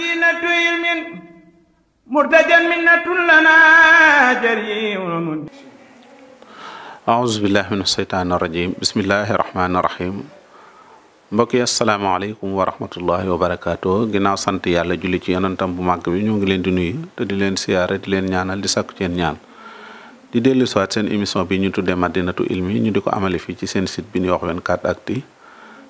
ahousubillahi min asheytaan irajim bismillahi rahmaani rahim mbokk yi asalaamaaleykum wa rahmatullahi wa barakaatu ginnaaw sant yàlla julli ci yonentam bu màgg bi ñoo ngi leen di nuy te di leen siyaare di leen ñaanal di sakku seen ñaan di dellu siwaat seen émission bi ñu tuddee madinatu ilmi ñu di ko amale fii ci seen site bi ñuy wax 24actu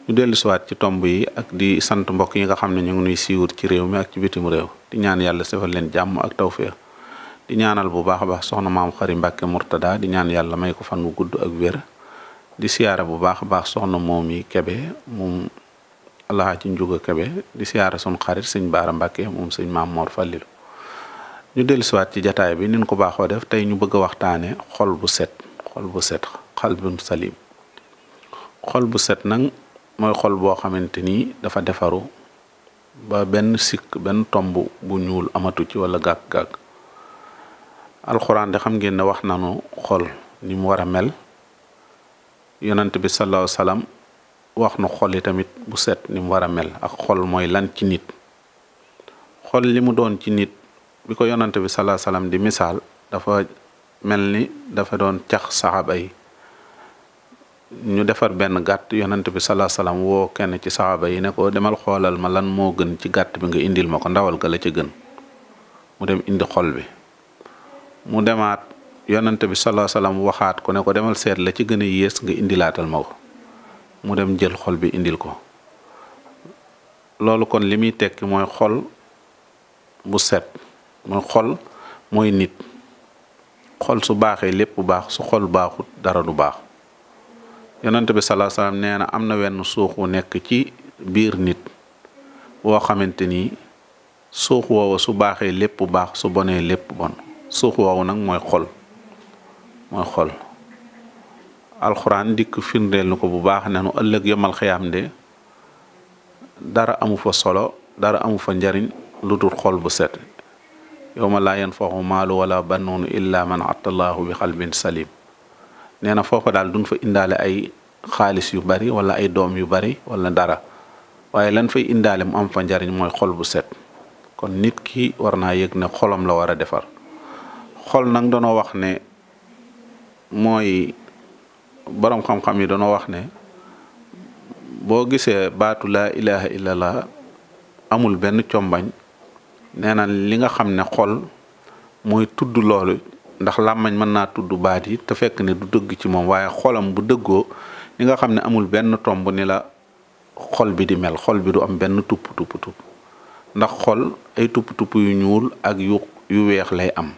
ñu dellu siwaat ci tomb yi ak di sant mbokk yi nga xam ne ñu ngi nuy siiwur ci réew mi ak ci bitim réew di ñaan yàlla sefal leen jàmm ak tawféex di ñaanal bu baax a baax soxna maam xari mbàkke murtada di ñaan yàlla may ko fan wu gudd ak wér di bu baax a baax soxna moom yi kebe moom allah ci njuga kebe di siyaara sun xarit sëñ baara mbàkke moom sëñ maam moor fàllilu ñu dellu siwaat ci jataay bi nin ko baaxoo def tey ñu bëgg waxtaane xol bu set xol bu set xalbum salim xol bu set nag mooy xol boo xamante ni dafa defaru ba benn sikk benn tomb bu ñuul amatu ci wala gàkk-gàkk alxuraan de xam ngeen ne wax nu xol ni mu war a mel yonent bi sallallahu alayhi wax nu xol yi tamit bu set ni mu war a mel ak xol mooy lan ci nit xol li mu doon ci nit bi ko yonent bi sallallahu alayhi di misaal dafa mel ni dafa doon cax saxaaba yi ñu defar benn gàtt yonent bi salaa salaam woo kenn ci saxaaba yi ne ko demal xoolal ma lan moo gën ci gàtt bi nga indil ma ko ndawal ga la ca gën mu dem indi xol bi mu demaat yonent bi salaa salaam waxaat ko ne ko demal seet la ci gën a yées nga indilaatal ma ko mu dem jël xol bi indil ko loolu kon li muy tekki mooy xol bu set mooy xol mooy nit xol su baaxee lépp baax su xol baaxut dara du baax yonent bi salaa salaam nee na am na wenn suux wu nekk ci biir nit woo xamante ni suux woowu su baaxee lépp bu baax su bonee lépp bon suux woowu nag mooy xol mooy xol alxuraan dikk firndeel nu ko bu baax ne nu ëllëg yomal xiyaam de dara amu fa solo dara amu fa njariñ lu dul xol bu set yowma laa yanfaxu maalu wala bannuunu illa man atallaahu bi xalbin salim nee na foofa daal duñ fa indaale ay xaalis yu bari wala ay doom yu bari wala dara waaye lan fay indaale mu am fa njariñ mooy xol bu set kon nit ki war naa yëg ne xolam la war a defar xol nag danoo wax ne mooy boroom xam-xam yi danoo wax ne boo gisee baatu laa ilaha illallah amul benn combañ nee na li nga xam ne xol mooy tudd loolu ndax làmmañ mën naa tudd baat yi te fekk ne du dëgg ci moom waaye xolam bu dëggoo li nga xam ne amul benn tomb ni la xol bi di mel xol bi du am benn tupp tupp ndax xol ay tupp tupp yu ñuul ak yu yu weex lay am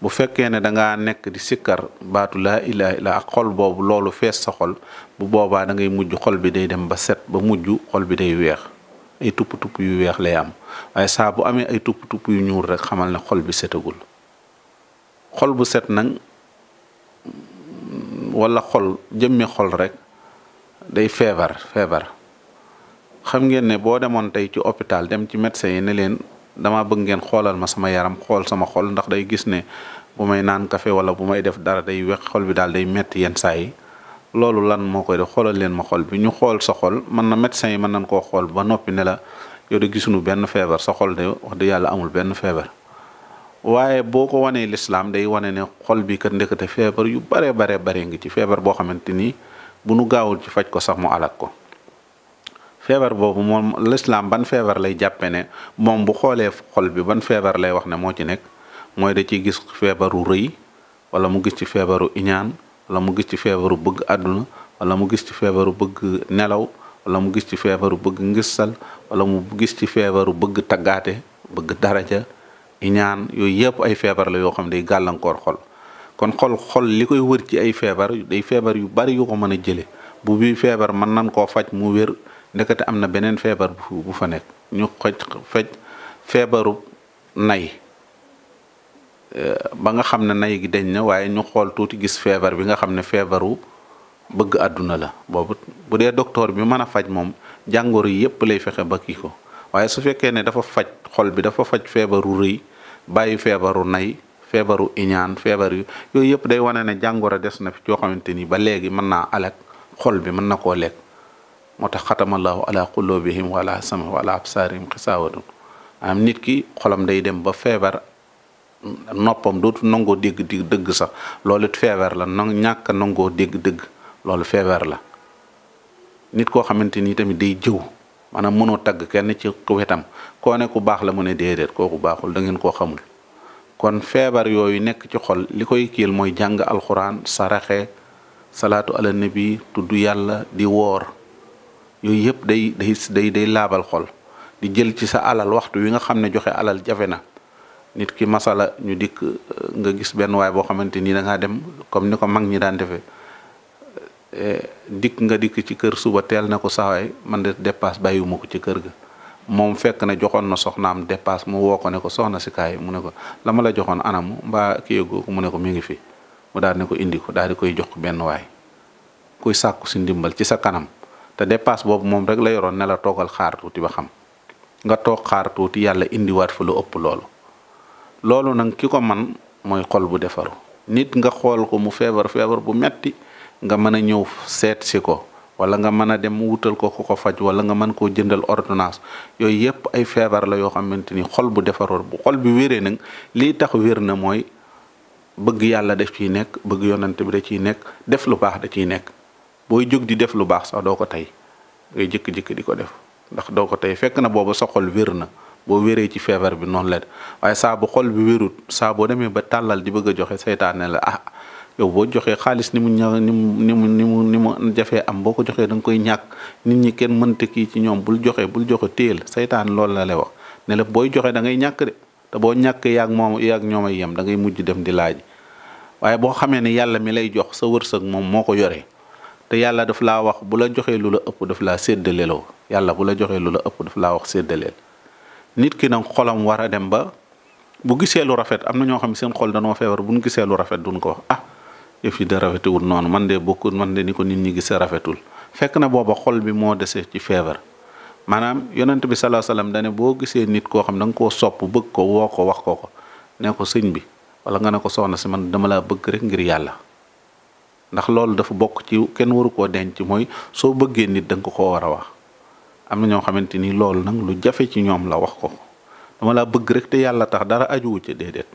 bu fekkee ne da ngaa nekk di sikkar baatu laa ilaha illa ak boobu loolu fees sa bu boobaa da ngay mujj xol bi day dem ba set ba mujj xol bi day weex ay tupp tupp yu weex lay am waaye saa bu amee ay tupp tupp yu ñuul rek xamal ne xol bi setagul xol bu set nag wala xol jëmmi xol rek day feebar feebar xam ngeen ne boo demoon tey ci hôpital dem ci médecin yi ne leen dama bëgg ngeen xoolal ma sama yaram xool sama xol ndax day gis ne bu may naan kafe wala bu may def dara day wex xol bi daal day metti yenn saa yi loolu lan moo koy def xoolal leen ma xol bi ñu xool sa xol mën na médecin yi mën nañ koo xool ba noppi ne la yow de gisuñu benn feebar sa xol de wax dëgg yàlla amul benn feebar waaye boo ko wanee lislaam day wane ne xol bi kat ndekete feebar yu bare bare bare ngi ci feebar boo xamante ni bu nu gaawul ci faj ko sax mu alak ko feebar boobu moom lislaam ban feebar lay jàppe ne moom bu xoolee xol bi ban feebar lay wax ne moo ci nekk mooy da ciy gis feebaru rëy wala mu gis ci feebaru iñaan wala mu gis ci feebaru bëgg àdduna walla mu gis ci feebaru bëgg nelaw wala mu gis ci feebaru bëgg ngissal wala mu gis ci feebaru bëgg taggaate bëgg daraja iñaan yooyu yëpp ay feebar la yoo xam ne day gàllankoor xol kon xol xol li koy wër ci ay feebar day feebar yu bari yu ko mën a jële bu bii feebar mën nan koo faj mu wér ndekete am na beneen feebar bu fa nekk ñu xoj faj feebaru nay ba nga xam ne nay dañ na waaye ñu xool tuuti gis feebar bi nga xam ne feebaru bëgg àdduna la boobu bu dee docteur bi mën a faj moom jàngoor yi yépp lay fexe ba kii ko waaye su fekkee ne dafa faj xol bi dafa faj feebaru rëy bàyyi feebaru nay feebaru iñaan feebar yooyu yëpp day wane ne jàngoro des na fi coo xamante ni ba léegi mën naa alak xol bi mën na koo lekk moo tax xatamallahu ala qulubihim wa ala samihim wa ala absarihim xisaawatun am nit ki xolam day dem ba feebar noppam dootu nangoo dégg dëgg sax loolu feebar la na ñàkk nangoo dégg dëgg loolu feebar la nit koo xamante ni tamit day jëw maanaam mënoo tagg kenn ci wetam koo ne ku baax la mu ne déedéet kooku baaxul dangeen koo xamul kon feebar yooyu nekk ci xol li koy kiil mooy jàng alxuraan saraxe salaatu ala nabi tudd yàlla di woor yooyu yëpp day day day laabal xol di jël ci sa alal waxtu wi nga xam ne joxe alal jafe na nit ki masala ñu dikk nga gis benn waay boo xamante nii da ngaa dem comme ni ko mag ñi daan defee Eh, dikk nga dikk ci kër suba teel na ko sawaay man de dépasse bàyyiwuma ko ci kër ga moom fekk na joxoon na soxnaam dépasse mu woo ko ne ko soxna si kaay mu ne ko la ma la joxoon anam mbaa kii mu ne ko mu ngi fi mu daal ne ko indi ko daal di koy jox benn waay kuy sàkku si ndimbal ci sa kanam te dépasse boobu moom rek la yoroon ne la toogal xaar tuuti ba xam nga toog xaar tuuti yàlla indiwaat fa lu ëpp loolu loolu nag ki ko man mooy xol bu defaru metti nga mën a ñëw seet si ko wala nga mën a dem wutal ko ku ko faj wala nga mën koo jëndal ordonnance yooyu yépp ay feebar la yoo xamante ni xol bu defaroon bu xol bu wéree nag lii tax wér na mooy bëgg yàlla def ciy nekk bëgg yonante bi da ciy nekk def lu baax da ciy nekk booy jóg di def lu baax sax doo ko tey ngay jëkk-jëkk di ko def ndax doo ko tey fekk na booba sa xol wér boo wéree ci feebar bi noonu la waaye saa bu xol bi wérut saa boo demee ba tàllal di bëgg a joxe seytaane la ah yow boo joxee xaalis ni mu ña ni mu ni mu ni mu ni mu jafee am boo ko joxee da nga koy ñàkk nit ñi kenn mënte kii ci ñoom bul joxe bul joxe téel seytaan loolu la lay wax ne la booy joxee da ngay ñàkk de te boo ñàkk yaag moom yaag ñoom ay yem da ngay mujj dem di laaj waaye boo xamee ne yàlla mi lay jox sa wërsëg moom moo ko yore te yàlla daf laa wax bu la joxee lu la ëpp daf laa séddaleloo yàlla bu la joxee lu la ëpp daf laa wax séddaleel nit ki nag xolam war a dem ba bu gisee lu rafet am na ñoo xam ne seen feebar bu ñu gisee lu rafet duñ ko yëf yi da rafetewul noonu man de bokkul man de ni ko nit ñi gis rafetul fekk na booba xol bi moo dese ci feebar maanaam yonent bi salaa salaam dane boo gisee nit koo xam da nga koo sopp bëgg ko woo ko wax ko ko ne ko sëñ bi wala nga ne ko soxna si man dama laa bëgg rek ngir yàlla ndax loolu dafa bokk ci kenn waru koo denc mooy soo bëggee nit da ko koo war a wax am na ñoo xamante ni loolu nag lu jafe ci ñoom la wax ko dama laa bëgg rek te yàlla tax dara ajuwu ca déedéet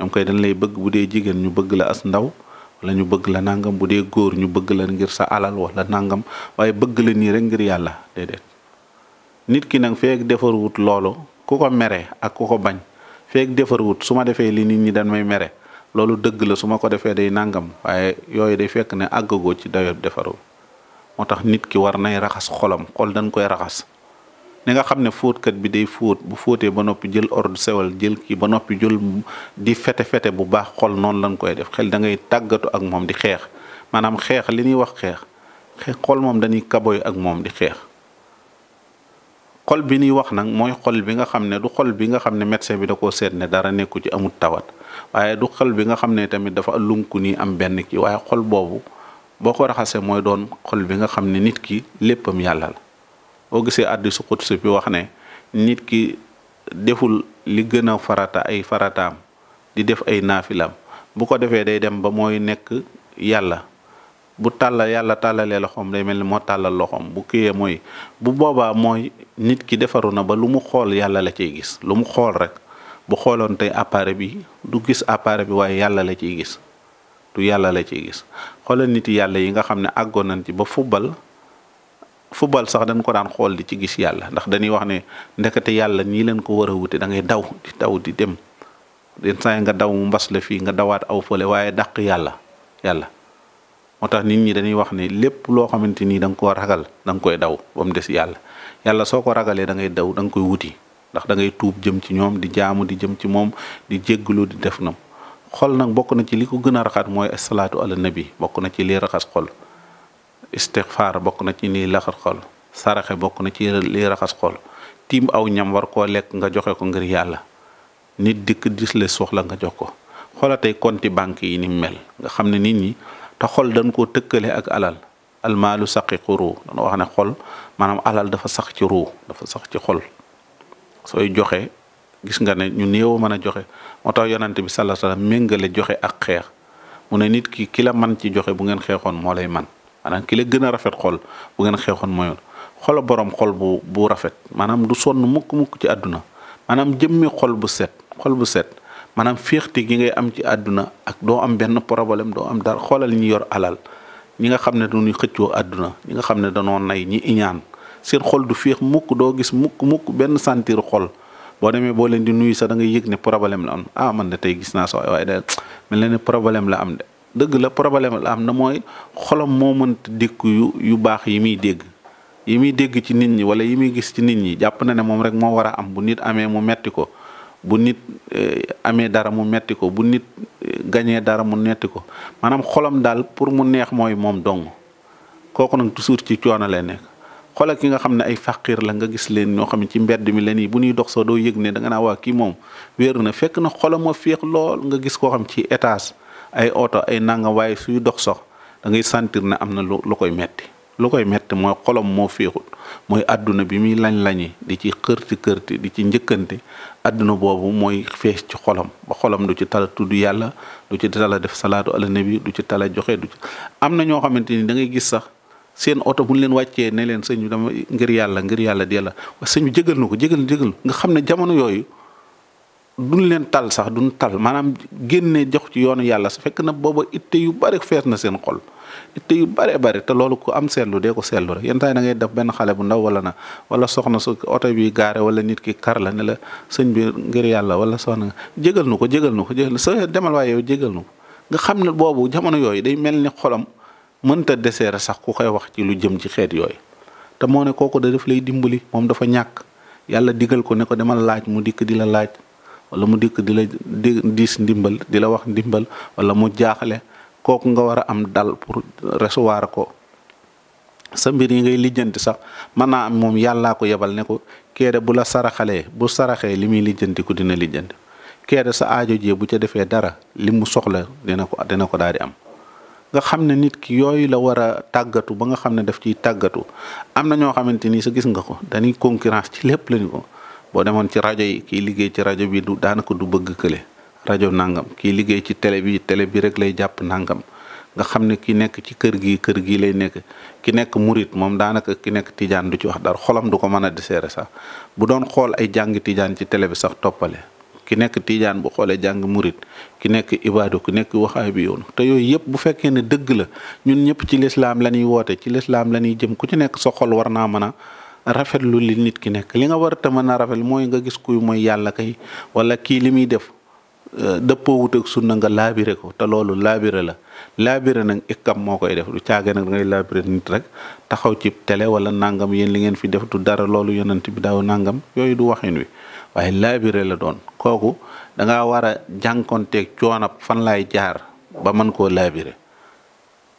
ñoom koy dañ lay bëgg bu dee jigéen ñu bëgg la as ndaw wala ñu bëgg la nangam bu dee góor ñu bëgg la ngir sa alal wala nangam waaye bëgg la nii rek ngir yàlla déedéet nit ki nag feeg defarwut loolu ku ko mere ak ku ko bañ feeg defarwut su ma defee li nit ñi dañ may mere loolu dëgg la su ma ko defee day nangam waaye yooyu day fekk ne àggagoo ci dayob defaru moo tax nit ki war nay raxas xolam xol dañ koy raxas ni nga xam ne fóotkat bi day fóot bu fóotee ba noppi jël ordre sewal jël kii ba noppi jul di fete fete bu baax xol noonu lañ koy def xel da ngay tàggatu ak moom di xeex maanaam xeex li ñuy wax xeex xeex xol moom dañuy kaboy ak moom di xeex xol bi ñuy wax nag mooy xol bi nga xam ne du xol bi nga xam ne médecin bi da koo seet ne dara nekku ci amul tawat waaye du xol bi nga xam ne tamit dafa lunku nii am benn kii waaye xol boobu boo ko raxasee mooy doon xol bi nga xam ne nit ki léppam yàlla la boo gisee addi su xut si bi wax ne nit ki deful li gën a farata ay farataam di def ay naafilaam bu ko defee day dem ba mooy nekk yàlla bu tàlla yàlla tàllalee loxoom day mel ni moo tàllal loxoom bu kiyee mooy bu boobaa mooy nit ki defaru na ba lu mu xool yàlla la cee gis lu mu xool rek bu xooloon tey appareil bi du gis appareil bi waaye yàlla la ciy gis du yàlla la ciy gis xoolal nit yàlla yi nga xam ne àggoon nañ ci ba fubal football sax dañ ko daan xool di ci gis yàlla ndax dañuy wax ne ndekete yàlla nii leen ko war a wute da daw di daw di dem den saa nga daw mu mbas la fii nga dawaat aw fële waaye dàq yàlla yàlla moo tax nit ñi dañuy wax ne lépp loo xamante ni da nga koo ragal da koy daw ba mu yàlla yàlla soo ko ragalee da ngay daw da nga koy wuti ndax dangay ngay tuub jëm ci ñoom di jaamu di jëm ci moom di jéggalu di def na xol nag bokk na ci li ko gën a raxat mooy salaatu ala nabi bokk na ci li raxas xol istixfaar bokk na ci nii laxas xol saraxe bokk na ci liy raxas xol tiim aw ñam war koo lekk nga joxe ko ngir yàlla nit dikk dis le soxla nga jox ko xoolatey konti banque yi ni mel nga xam ne nit ñi te xol dañ koo tëkkale ak alal almaalu saqiqu ruu dañoo wax ne xol maanaam alal dafa sax ci ruu dafa sax ci xol sooy joxe gis nga ne ñu néew mën a joxe moo tax yonante bi sallallahu alayhi méngale joxe ak xeex mu ne nit ki ki man ci joxe bu ngeen xeexoon moo lay man maanaam ki la gën a rafet xol bu ngeen xeexoon mooy xol boroom xol bu bu rafet maanaam du sonn mukk mukk ci àdduna maanaam jëmmi xol bu set xol bu set maanaam féexte gi ngay am ci àdduna ak doo am benn problème doo am dara xoolal ñi yor alal ñi nga xam ne dañuy xëccoo àdduna ñi nga xam ne danoo nay ñi iñaan seen xol du féex mukk doo gis mukk mukk benn sentir xol boo demee boo leen di nuyu sax da ngay yëg ne problème la am ah man de tey gis naa sa waaye waaye de mel na ne problème la am de dëgg la problème la am na mooy xolam moo mënta dikk yu yu baax yi muy dégg yi muy dégg ci nit ñi wala yi muy gis ci nit ñi jàpp na ne moom rek moo war a am bu nit amee mu metti ko bu nit eh, amee dara mu metti ko bu nit eh, gañee dara mu metti ko maanaam xolam daal pour mu neex mooy moom dong kooku nag toujours ci coono lay nekk xoolal ki nga xam ne ay faqir la nga gis leen ñoo xam ne ci mbedd mi leen yi bu ñuy dox soo doo yëg ne da nga naa waa kii moom wéeru na fekk na xolam moo féex lool nga gis koo xam ci étage ay oto ay nangam waaye suy dox sax da ngay sentir ne am na lu lu koy metti lu koy metti mooy xolom moo féexut mooy àdduna bi muy lañ-lañi di ci xërti xërti di ci njëkkante àdduna boobu mooy fees ci xolam ba xolam du ci tala tudd yàlla du ci tala def salaatu ala nabi du ci tala joxe du ci am na ñoo xamante ni da ngay gis sax seen oto bu ñu leen wàccee ne leen sëñ bi dama ngir yàlla ngir yàlla di yàlla wa sëñ bi jégal na ko jégal jégal nga xam ne jamono yooyu duñ leen tal sax dun tal maanaam génne jox ci yoonu yàlla su fekk na booba te yu bari fees na seen xol te yu bari bari te loolu ku am seetlu dee ko seetlu rek yenn da ngay def benn xale bu ndaw wala na wala soxna su oto bi gaare wala nit ki kar la ne la sëñ bi ngir yàlla wala soxna nga jégal ko jégal nu ko jégal sa demal waaye yow jégal nu nga xam ne boobu jamono yooyu day mel ni xolam mënta deseere sax ku koy wax ci lu jëm ci xeet yooyu te moo ne kooko da def lay dimbali moom dafa ñàkk yàlla digal ko ne ko demal laaj mu dikk di la laaj wala mu dikk di la di diis ndimbal di la wax ndimbal wala mu jaaxle kooku nga war a am dal pour recevoir ko sa mbir yi ngay lijjanti sax man naa am moom yàllaa ko yebal ne ko keede bu la saraxalee bu saraxee li muy lijjanti dina lijjanti keede sa aajo jee bu ca defee dara li mu soxla dina ko dina ko daal di am. nga xam ne nit ki yooyu la war a tàggatu ba nga xam ne daf ciy tàggatu am na ñoo xamante ni sa gis nga ko dañuy concurrence ci lépp lañu ko. boo demoon ci rajo yi kii liggéey ci rajo bi du daanaka du bëgg kële rajo nangam kii liggéey ci télé bi télé bi rek lay jàpp nangam nga xam ne ki nekk ci kër gi kër gi lay nekk ki nekk murit moom daanaka ki nekk tijaan du ci wax dara xolam du ko mën a deseere sax bu doon xool ay jàngi tijaan ci télé bi sax toppale ki nekk tijaan bu xoolee jàng murit ki nekk ibaadu ki nekk waxaay bi yoonu te yooyu yëpp bu fekkee ne dëgg la ñun ñëpp ci lislaam la ñuy woote ci lislaam la ñuy jëm ku ci nekk sa xol war naa mën a rafetlu li nit ki nekk li nga war a mën a rafet mooy nga gis kuy mooy yàlla kay wala kii li muy def euh, dëppoo wut ak sunna nga laabire ko te loolu laabire la laabire nag ikkam moo koy def du caage nag dangay laabire nit rek taxaw ci tele wala nangam yéen li ngeen fi def du dara loolu yonent bi daaw nangam yooyu du waxin wi waaye laabire la doon kooku danga war a jànkonteeg coonab fan laay jaar ba mën koo laabire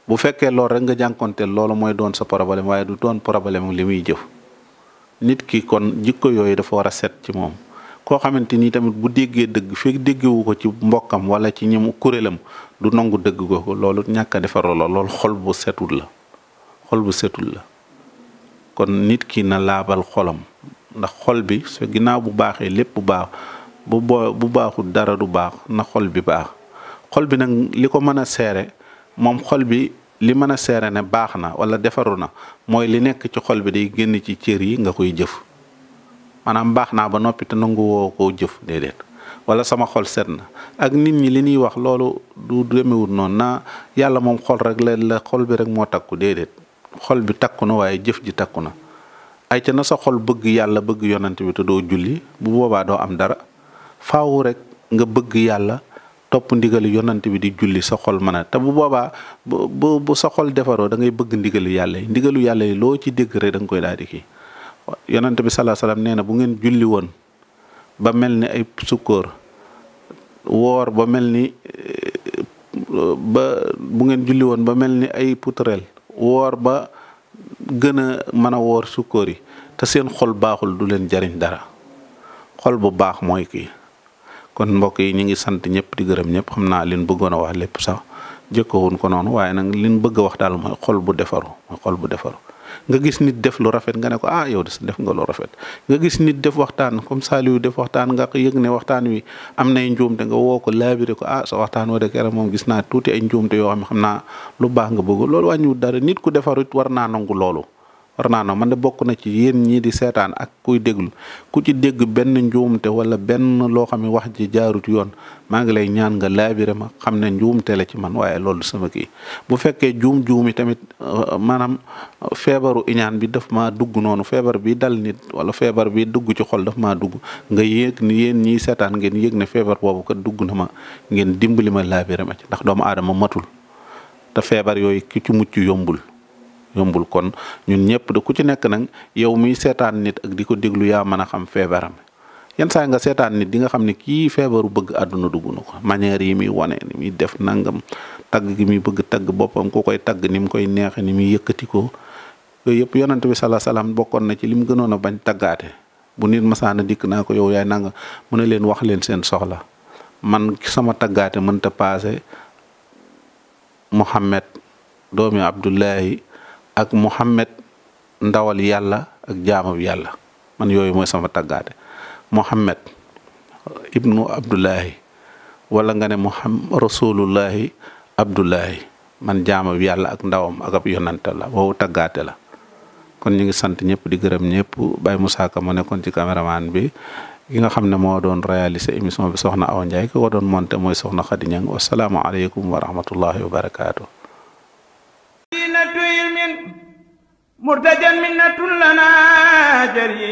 bu fekkee lool rek nga jànkonteel loolu mooy doon sa problème waaye du doon problème li muy jëf nit ki kon jikko yooyu dafa war a set ci moom koo xamante ni tamit bu déggee dëgg fekk déggewu ko ci mbokkam wala ci ñëmu kuréelam du nangu dëgg googu loolu ñàkk a defaroo la loolu xol bu setul la xol bu setul la kon nit ki na laabal xolam ndax xol bi su ginnaaw bu baaxee lépp bu baax bu boo bu baaxul dara du baax na xol bi baax xol bi nag li ko mën a seere moom xol bi li mën a seere ne baax na wala defaru na mooy li nekk ci xol bi day génn ci cër yi nga koy jëf maanaam baax naa ba noppi te nangu woo koo jëf déedéet wala sama xol set na ak nit ñi li ñuy wax loolu du demewut noon na yàlla moom xol rek la la xol bi rek moo takku déedéet xol bi takku na waaye jëf ji takku na ay na sa xol bëgg yàlla bëgg yonent bi te doo julli bu boobaa doo am dara faawu rek nga bëgg yàlla topp ndigali yonant bi di julli sa xol mën te bu boobaa bu bu sa xol defaroo dangay bëgg ndigalu yàlla yi ndigalu yàlla yi loo ci dégg rek da koy daal di kii yonant bi salaa salaam nee na bu ngeen julli woon ba mel ni ay sukkoor woor ba mel ni ba bu ngeen julli woon ba mel ni ay putureel woor ba gën a mën a woor sukkoor yi te seen xol baaxul du leen jariñ dara xol bu baax mooy kii kon mbokk yi ñu ngi sant ñëpp di gërëm ñëpp xam naa liñ bëggoon a wax lépp sax jëkkawun ko noonu waaye nag liñ bëgg a wax daal xol bu defaru mooy bu defaru nga gis nit def lu rafet nga ne ko ah yow des def nga lu rafet nga gis nit def waxtaan comme Saliou def waxtaan nga yëg ne waxtaan wi am nay njuumte nga woo ko laabire ko ah sa waxtaan wa de kera moom gis naa tuuti ay njuumte yoo xam ne xam naa lu baax nga bëgg loolu wàññiwul dara nit ku defarut war naa nangu loolu ornaano man de bokk na ci yéen ñii di seetaan ak kuy déglu ku ci dégg benn njuumte wala benn loo xam ne wax ji jaarut yoon maa ngi lay ñaan nga laabire ma xam ne njuumte la ci man waaye loolu sama kii bu fekkee juum juumi tamit euh, maanaam euh, feebaru iñaan bi daf ma dugg noonu feebar bi dal nit wala feebar bi dugg ci xol daf maa dugg nga yéeg ni yéen ñii seetaan ngeen yéeg ne feebar boobu kat dugg na ma ngeen dimbali ma laabire ma ci ndax doomu aadama matul te feebar yooyu ki ci mucc yombul yombul kon ñun ñëpp da ku ci nekk nag yow mi seetaan nit ak di ko déglu yaa mën a xam feebaram yenn saa nga seetaan nit di nga xam ne kii feebaru bëgg àdduna dugg na ko manière yi muy wane ni muy def nangam tagg gi muy bëgg tagg boppam ku koy tagg ni mu koy neexe ni muy yëkkatikoo ko yooyu yëpp yonent bi sala salaam bokkoon na ci li mu gënoon a bañ taggaate bu nit masaana dikk naa ko yow yaay nanga mu ne leen wax leen seen soxla man sama taggaate mënta paase Muhammad doomi Abdullahi ak Muhammad ndawal yàlla ak jaamab yàlla man yooyu mooy sama taggaate Muhammad ibnu Abdullahi wala nga ne Muhammad rasulullahi Abdullahi man jaamab yàlla ak ndawam ak ab yonante la woowu taggaate la kon ñu ngi sant ñëpp di gërëm ñëpp Baye Moussa Ka mu nekkoon ci caméraman bi ki nga xam ne moo doon réaliser émission bi soxna Awa Ndiaye ki ko doon monté mooy soxna Khady Niang wasalaamualeykum wa rahmatullahi wa barakaatu. murtajan minnatun lana jari